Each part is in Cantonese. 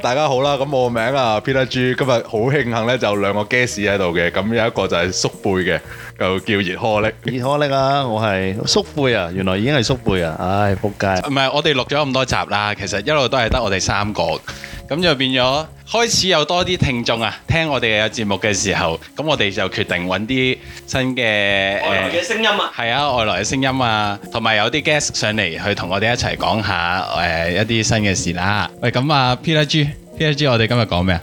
大家好啦，咁我個名啊 Peter G，今日好慶幸呢，就兩個 guest 喺度嘅，咁有一個就係縮背嘅，就叫熱可力。熱可力啊，我係縮背啊，原來已經係縮背啊，唉、哎，撲街！唔係，我哋錄咗咁多集啦，其實一路都係得我哋三個，咁就變咗。開始有多啲聽眾啊，聽我哋嘅節目嘅時候，咁我哋就決定揾啲新嘅、呃、外來嘅聲音啊，係啊，外來嘅聲音啊，同埋有啲 guest 上嚟去同我哋一齊講下誒、呃、一啲新嘅事啦、啊。喂，咁啊 P. L. G. P. L. G. 我哋今日講咩啊？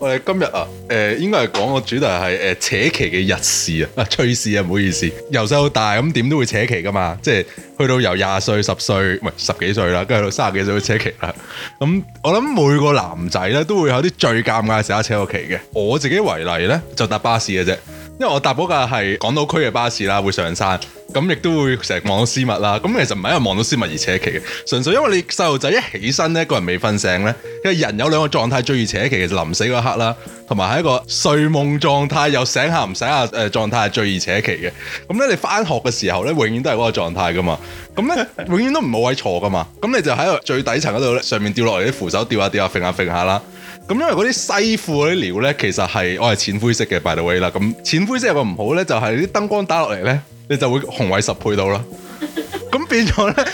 我哋今日啊，誒應該係講個主題係誒扯旗嘅日事啊，趣事啊，唔好意思。由細到大咁點都會扯旗噶嘛，即係去到由廿歲十歲，唔係十幾歲啦，跟住到卅幾歲都扯旗啦。咁我諗每個男仔咧都會有啲最尷尬嘅時候扯過旗嘅。我自己為例咧，就搭巴士嘅啫。因為我搭嗰架係港島區嘅巴士啦，會上山，咁亦都會成日望到絲襪啦。咁其實唔係因為望到絲襪而扯旗嘅，純粹因為你細路仔一起身咧，一個人未瞓醒咧，因為人有兩個狀態最易扯旗，嘅，其實臨死嗰刻啦，同埋喺一個睡夢狀態又醒下唔醒下誒狀態係最易扯旗嘅。咁咧你返學嘅時候咧，永遠都係嗰個狀態噶嘛。咁咧永遠都唔冇位坐噶嘛。咁你就喺最底層嗰度咧，上面掉落嚟啲扶手掉下掉下揈下揈下啦。咁因為嗰啲西褲嗰啲料咧，其實係我係淺灰色嘅，by the way 啦。咁淺灰色有個唔好咧，就係啲燈光打落嚟咧，你就會紅位十倍到啦。咁 變咗咧，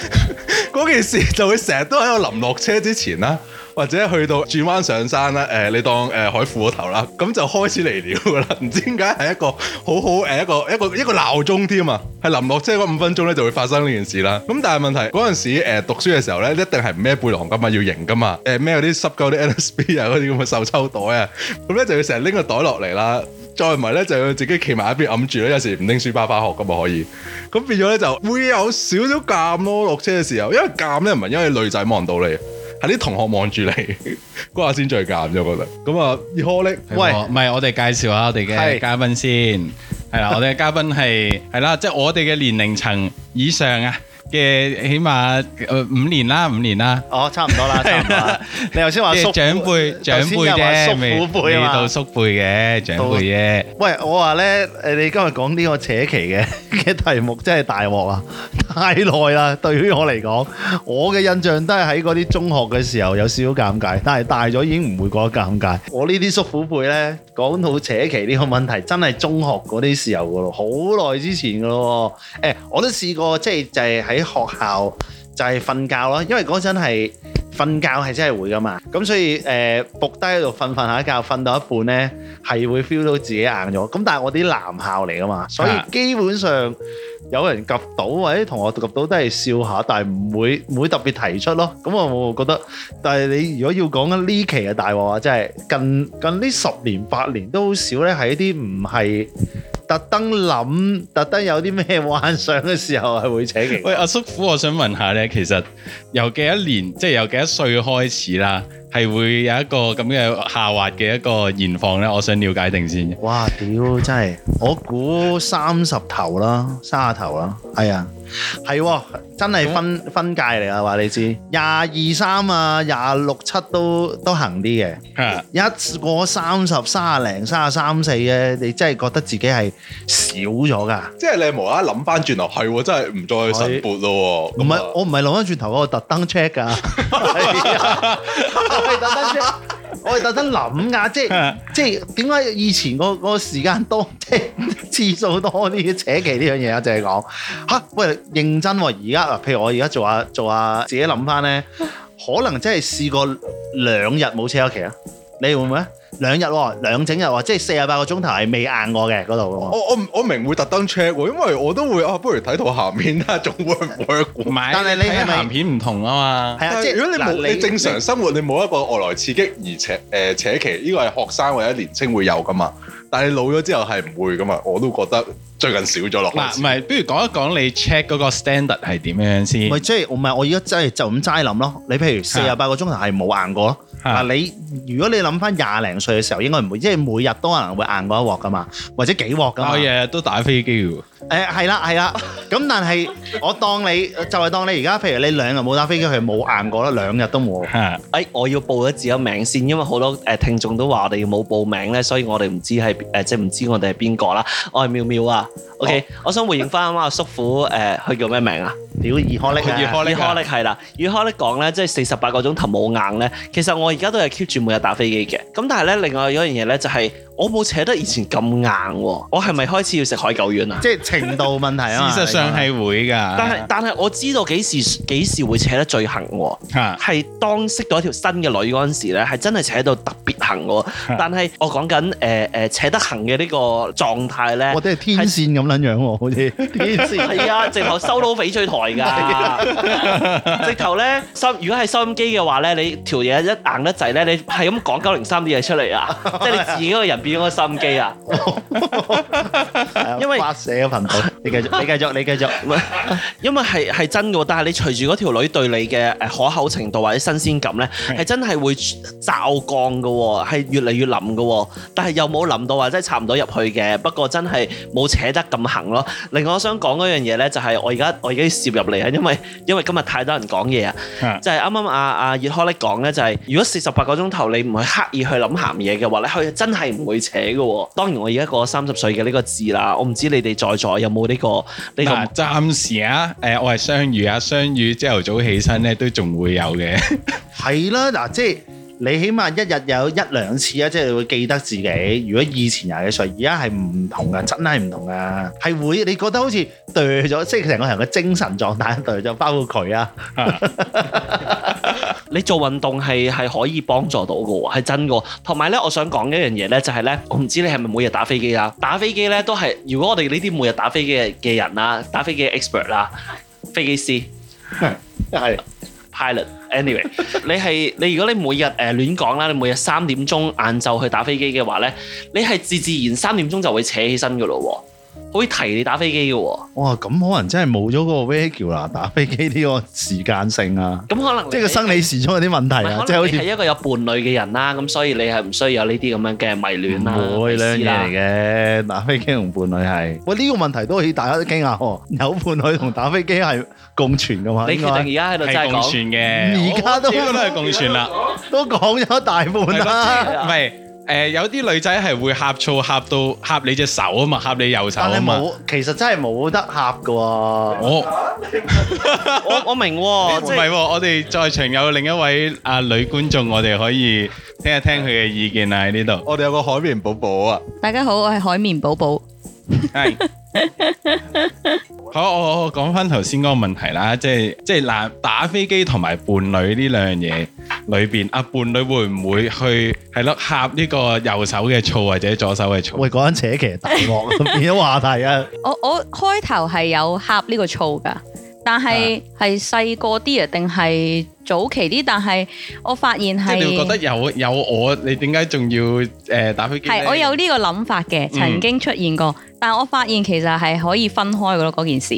嗰 件事就會成日都喺我臨落車之前啦。或者去到轉彎上山啦，誒、呃，你當誒海褲個頭啦，咁就開始嚟料噶啦，唔 知點解係一個好好誒、呃、一個一個一個鬧鐘添啊，係臨落車嗰五分鐘咧就會發生呢件事啦、啊。咁但係問題嗰陣時誒、呃、讀書嘅時候咧，一定係孭背囊噶嘛，要型噶嘛，誒孭嗰啲濕鳩啲 N S P 啊嗰啲咁嘅手抽袋啊，咁、嗯、咧就要成日拎個袋落嚟啦，再唔係咧就要自己企埋一邊揞住啦，有時唔拎書包翻學咁啊可以。咁變咗咧就會有少少尷咯，落車嘅時候，因為尷咧唔係因為女仔望到你。啲同學望住你，嗰下先最尷，我覺得。咁啊，啲可力，的喂，唔係我哋介紹下我哋嘅嘉賓先。係啦是，我哋嘅嘉賓係係啦，即係、 就是、我哋嘅年齡層以上啊。嘅起碼誒五年啦，五年啦，年哦差唔多啦，差唔多 你頭先話，叔輩 長輩長輩叔係咪？沒到叔輩嘅長輩啫。喂，我話咧誒，你今日講呢個扯旗嘅嘅題目真係大鑊啊！太耐啦，對於我嚟講，我嘅印象都係喺嗰啲中學嘅時候有少少尷尬，但係大咗已經唔會覺得尷尬。我呢啲叔父輩咧。講到扯旗呢個問題，真係中學嗰啲時候㗎喇，好耐之前㗎喇。誒、欸，我都試過，即係就係、是、喺學校就係瞓覺咯，因為嗰陣係。瞓覺係真係會㗎嘛，咁所以誒伏低喺度瞓瞓下覺，瞓到一半呢係會 feel 到自己硬咗。咁但係我啲男校嚟㗎嘛，所以基本上有人及到或者同學及到都係笑下，但係唔會唔會特別提出咯。咁我我覺得，但係你如果要講緊呢期嘅大鑊啊，真係近近呢十年八年都少咧，係一啲唔係。特登諗，特登有啲咩幻想嘅時候係會請嘅。喂，阿叔父，我想問下呢，其實由幾多年，即係由幾多歲開始啦，係會有一個咁嘅下滑嘅一個現況呢？我想了解定先。哇！屌真係，我估三十頭啦，三十頭啦，係呀～係，真係分分界嚟啊！話你知，廿二三啊，廿六七都都行啲嘅。係，一過三十三卅零三卅三四咧，你真係覺得自己係少咗噶。即係你無啦啦諗翻轉頭，係真係唔再去晨勃咯。唔係，我唔係諗翻轉頭，我特登 check 噶。係係特登 check。 我係特登諗㗎，即係即係點解以前我我時間多，即係次數多啲扯旗呢樣嘢啊？就係講吓，我係認真喎、啊。而家嗱，譬如我而家做下做下，做下自己諗翻咧，可能真係試過兩日冇扯過旗啊？你會唔會咧？兩日喎，兩整日喎，即係四十八個鐘頭係未硬過嘅嗰度。我我我明，明會特登 check 喎，因為我都會啊，不如睇套鹹片啦，仲會 work 唔係？但係你係鹹片唔同啊嘛？係啊，即係如果你冇你，你正常生活，你冇一個外來刺激，而且誒、呃，且其呢個係學生或者年青會有噶嘛。但係老咗之後係唔會噶嘛？我都覺得最近少咗落。嗱，唔係，不如講一講你 check 嗰個 standard 係點樣先？唔係即係唔係我而家真係就咁齋諗咯？你譬如四十八個鐘頭係冇硬過。的嗱、啊，你如果你諗翻廿零歲嘅時候，應該唔會，因為每日都可能會硬過一鑊噶嘛，或者幾鑊噶嘛。啊，日日都打飛機嘅喎。係、啊、啦，係啦。咁 但係我當你就係、是、當你而家，譬如你兩日冇打飛機，佢冇硬過啦，兩日都冇。係、哎。我要報咗自己名先，因為好多誒聽眾都話我哋冇報名咧，所以我哋唔知係誒、呃、即係唔知我哋係邊個啦。我係妙妙啊。哦、OK，我想回應翻阿叔父誒，佢、呃、叫咩名啊？要二科力，二科力係啦，二科力講咧，即係四十八個鐘頭冇硬咧。其實我而家都係 keep 住每日打飛機嘅。咁但係咧，另外嗰樣嘢咧就係、是、我冇扯得以前咁硬。我係咪開始要食海狗丸啊？即係程度問題啊！ 事實上係會㗎。但係但係我知道幾時幾時會扯得最狠喎？係 當識到一條新嘅女嗰陣時咧，係真係扯到特別。行但係我講緊誒誒扯得行嘅呢個狀態咧，我哋係天線咁撚樣喎，好似天線係 啊，直頭收到翡翠台㗎， 直頭咧收。如果係收音機嘅話咧，你條嘢一硬得滯咧，你係咁講九零三啲嘢出嚟啊， 即係你自己個人變咗個收音機啊， 因為發射嘅頻度。你繼續，你繼續，你繼續。因為係係真嘅，但係你隨住嗰條女對你嘅誒可口程度或者新鮮感咧，係、嗯、真係會驟降嘅喎。係越嚟越冧噶、哦，但係又冇冧到話真係插唔到入去嘅。不過真係冇扯得咁行咯。另外我想講嗰樣嘢呢，就係我而家我而家要攝入嚟啊，因為因為今日太多人講嘢啊。就係啱啱阿阿葉開力講咧、就是，就係如果四十八個鐘頭你唔去刻意去諗鹹嘢嘅話咧，佢真係唔會扯噶、哦。當然我而家過三十歲嘅呢個字啦，我唔知你哋在座有冇呢個呢個。暫、啊這個、時啊，誒、呃，我係雙魚啊，雙魚朝頭早起身呢，都仲會有嘅。 係、啊、啦，嗱、就是，即係。你起碼一日有一兩次啊，即係你會記得自己。如果以前廿幾歲，而家係唔同嘅，真係唔同嘅，係會你覺得好似掉咗，即係成個人嘅精神狀態掉咗，包括佢啊。你做運動係係可以幫助到嘅喎，係真嘅。同埋咧，我想講一樣嘢咧，就係咧，我唔知你係咪每日打飛機啊？打飛機咧都係，如果我哋呢啲每日打飛機嘅人啦，打飛機嘅 expert 啦，飛機師，係。Pilot，anyway， 你係你如果你每日誒、呃、亂講啦，你每日三點鐘晏晝去打飛機嘅話咧，你係自自然三點鐘就會扯起身㗎喇喎。可以提你打飛機嘅喎，哇！咁可能真係冇咗嗰個維喬拿打飛機呢個時間性啊，咁可能即係個生理時鐘有啲問題啊，即係好似係一個有伴侶嘅人啦，咁所以你係唔需要有呢啲咁樣嘅迷戀啦，唔會兩樣嘢嚟嘅打飛機同伴侶係，喂呢個問題都可以大家都驚訝喎，有伴侶同打飛機係共存嘅嘛？你決定而家喺度真係共存嘅，而家都都係共存啦，都講咗大半啦，未？誒、呃，有啲女仔係會呷醋，呷到呷你隻手啊嘛，呷你右手啊嘛。但係冇，其實真係冇得呷㗎喎。我我我明，啊。唔係，欸就是啊，我哋在場有另一位啊女觀眾，我哋可以聽一聽佢嘅意見啊！喺呢度，我哋有個海綿寶寶啊。大家好，我係海綿寶寶。係，Yes. 好，我講翻頭先嗰個問題啦，即係即係打打飛機同埋伴侶呢兩樣嘢裏邊，阿伴侶會唔會去係咯，呷呢個右手嘅醋或者左手嘅醋？喂，講緊扯旗大鑊 變咗話題啊 ！我我開頭係有呷呢個醋噶。但係係細個啲啊，定係早期啲？但係我發現係即係你覺得有有我，你點解仲要誒、呃、打飛機咧？係我有呢個諗法嘅，曾經出現過。嗯、但係我發現其實係可以分開噶咯嗰件事，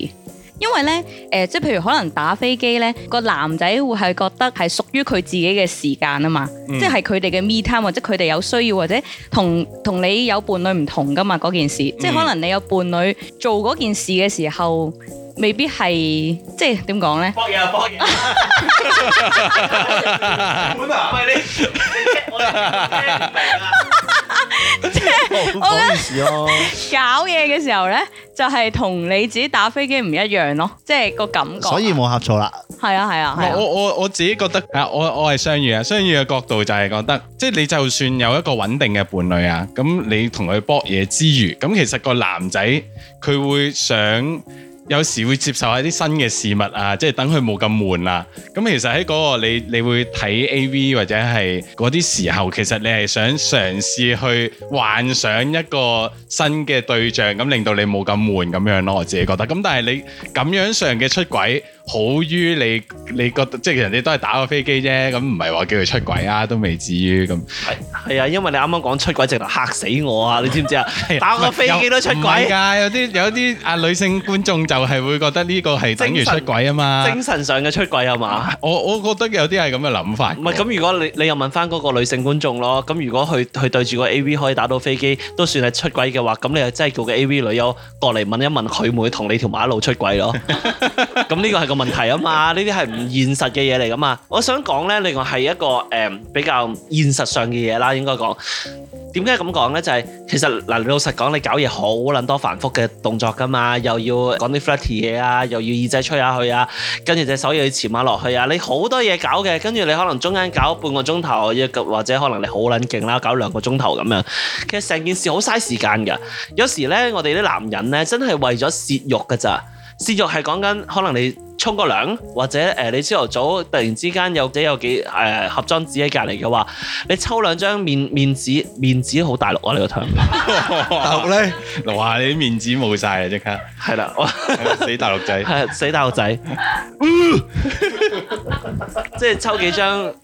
因為咧誒、呃，即係譬如可能打飛機咧，個男仔會係覺得係屬於佢自己嘅時間啊嘛，嗯、即係佢哋嘅 me time，或者佢哋有需要，或者同同你有伴侶唔同噶嘛嗰件事，嗯、即係可能你有伴侶做嗰件事嘅時候。未必係即係點講咧？搏嘢就搏嘢啦。本啊，唔係你，我我明啦。即係我講件事咯。搞嘢嘅時候咧，就係同你自己打飛機唔一樣咯，即係個感覺。所以冇合錯啦。係啊係啊係啊。我我我自己覺得啊，我我係雙魚啊，雙魚嘅角度就係覺得，即係你就算有一個穩定嘅伴侶啊，咁你同佢搏嘢之餘，咁其實個男仔佢會想。有時會接受一啲新嘅事物啊，即係等佢冇咁悶啊。咁其實喺嗰個你，你會睇 AV 或者係嗰啲時候，其實你係想嘗試去幻想一個新嘅對象，咁令到你冇咁悶咁樣咯。我自己覺得。咁但係你咁樣上嘅出軌。好於你，你覺得即係人哋都係打個飛機啫，咁唔係話叫佢出軌啊，都未至於咁。係係啊，因為你啱啱講出軌直頭嚇死我啊！你知唔知啊？打個飛機都出軌。唔係㗎，有啲有啲啊女性觀眾就係會覺得呢個係等於出軌啊嘛。精神上嘅出軌係嘛？我我覺得有啲係咁嘅諗法。唔係咁，如果你你又問翻嗰個女性觀眾咯，咁如果佢佢對住個 A V 可以打到飛機，都算係出軌嘅話，咁你係真係叫個 A V 女優過嚟問一問佢會唔會同你條馬路出軌咯？咁呢個係咁。問題啊嘛，呢啲係唔現實嘅嘢嚟噶嘛。我想講呢，另外係一個誒、呃、比較現實上嘅嘢啦，應該講點解咁講呢？就係、是、其實嗱，呃、你老實講，你搞嘢好撚多繁複嘅動作噶嘛，又要講啲 flirty 嘢啊，又要耳仔吹下去啊，跟住隻手又要潛下落去啊，你好多嘢搞嘅。跟住你可能中間搞半個鐘頭，或者或者可能你好撚勁啦，搞兩個鐘頭咁樣。其實成件事好嘥時間㗎。有時呢，我哋啲男人呢，真係為咗泄欲㗎咋，泄欲係講緊可能你。沖個涼，或者誒、呃，你朝頭早突然之間有啲有幾誒盒、呃、裝紙喺隔籬嘅話，你抽兩張面面紙，面紙好大陸，啊。你個台大陸咧，下你啲面紙冇晒啊！即刻係啦，死大陸仔，死大陸仔，即係抽幾張。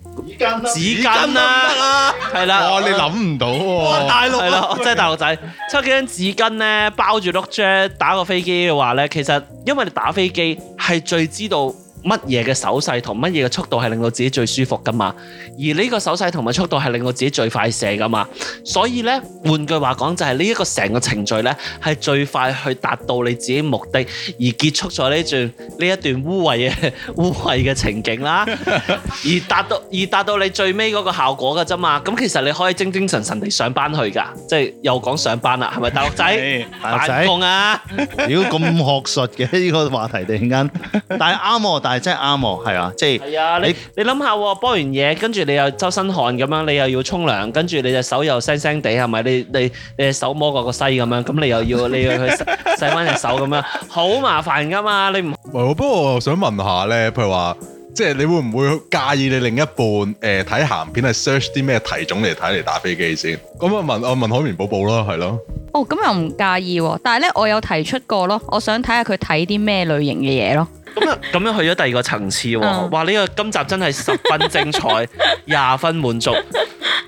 紙巾啦，係、啊啊、啦，你諗唔到喎，大陸，係咯，我真係大陸仔， 抽幾張紙巾咧，包住碌雀，打個飛機嘅話咧，其實因為你打飛機係最知道。乜嘢嘅手勢同乜嘢嘅速度係令到自己最舒服噶嘛？而呢個手勢同埋速度係令到自己最快射噶嘛？所以呢，換句話講，就係呢一個成個程序呢，係最快去達到你自己目的而結束咗呢段呢一段污穢嘅污穢嘅情景啦， 而達到而達到你最尾嗰個效果嘅啫嘛。咁其實你可以精精神神地上班去㗎，即係又講上班啦，係咪大陸仔大學生啊？妖咁 學術嘅呢個話題突然間。但係啱係真啱喎，係啊，即係。係啊，你你諗下喎，幫完嘢，跟住你又周身汗咁樣，你又要沖涼，跟住你隻手又腥腥哋，係咪？你你誒手摸過個西咁樣，咁你又要你要去洗翻隻手咁樣，好麻煩噶嘛？你唔唔係，不過我想問下咧，譬如話，即係你會唔會介意你另一半誒睇鹹片係 search 啲咩題種嚟睇嚟打飛機先？咁啊問我問海綿寶寶咯，係咯。哦，咁又唔介意喎，但係咧，我有提出過咯，我想睇下佢睇啲咩類型嘅嘢咯。咁樣咁樣去咗第二個層次喎，嗯、哇！呢、呢個今集真係十分精彩，廿 分滿足。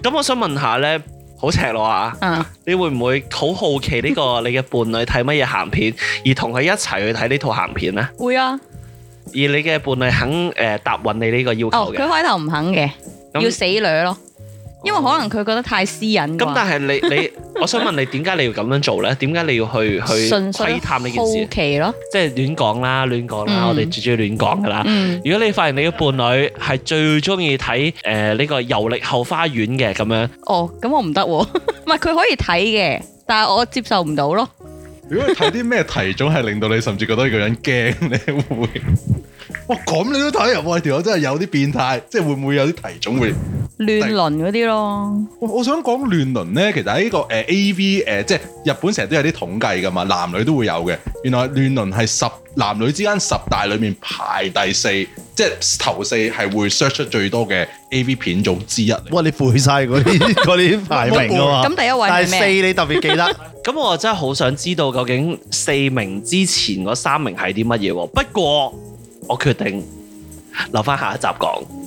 咁我想問下呢，好赤裸啊、嗯這個，你會唔會好好奇呢個你嘅伴侶睇乜嘢鹹片， 而同佢一齊去睇呢套鹹片呢？會啊。而你嘅伴侶肯誒、呃、答允你呢個要求嘅？哦，佢開頭唔肯嘅，嗯、要死女咯。因為可能佢覺得太私隱。咁但係你你，我想問你，點解你要咁樣做咧？點解你要去去窺探呢件事？好奇咯，即係亂講啦，亂講啦，我哋最主要亂講噶啦。如果你發現你嘅伴侶係最中意睇誒呢個遊歷後花園嘅咁樣，哦，咁我唔得喎，唔係佢可以睇嘅，但係我接受唔到咯。如果你睇啲咩題種係令到你甚至覺得一個人驚，你會唔會，哇咁你都睇入去，條友真係有啲變態，即係會唔會有啲題種會？亂倫嗰啲咯，我想講亂倫咧，其實喺呢個誒 A V 誒，即係日本成日都有啲統計噶嘛，男女都會有嘅。原來亂倫係十男女之間十大裏面排第四，即係頭四係會 search 出最多嘅 A V 片種之一。哇，你背晒嗰啲啲排名啊咁 我第一位係四你特別記得，咁 我真係好想知道究竟四名之前嗰三名係啲乜嘢。不過我決定留翻，下，下一集講。